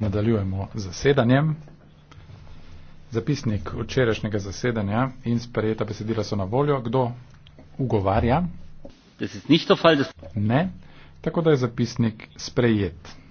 nadaljujemo z zasedanjem. Zapisnik včerajšnjega zasedanja in sprejeta besedila so na voljo. Kdo ugovarja? Ne, tako da je zapisnik sprejet.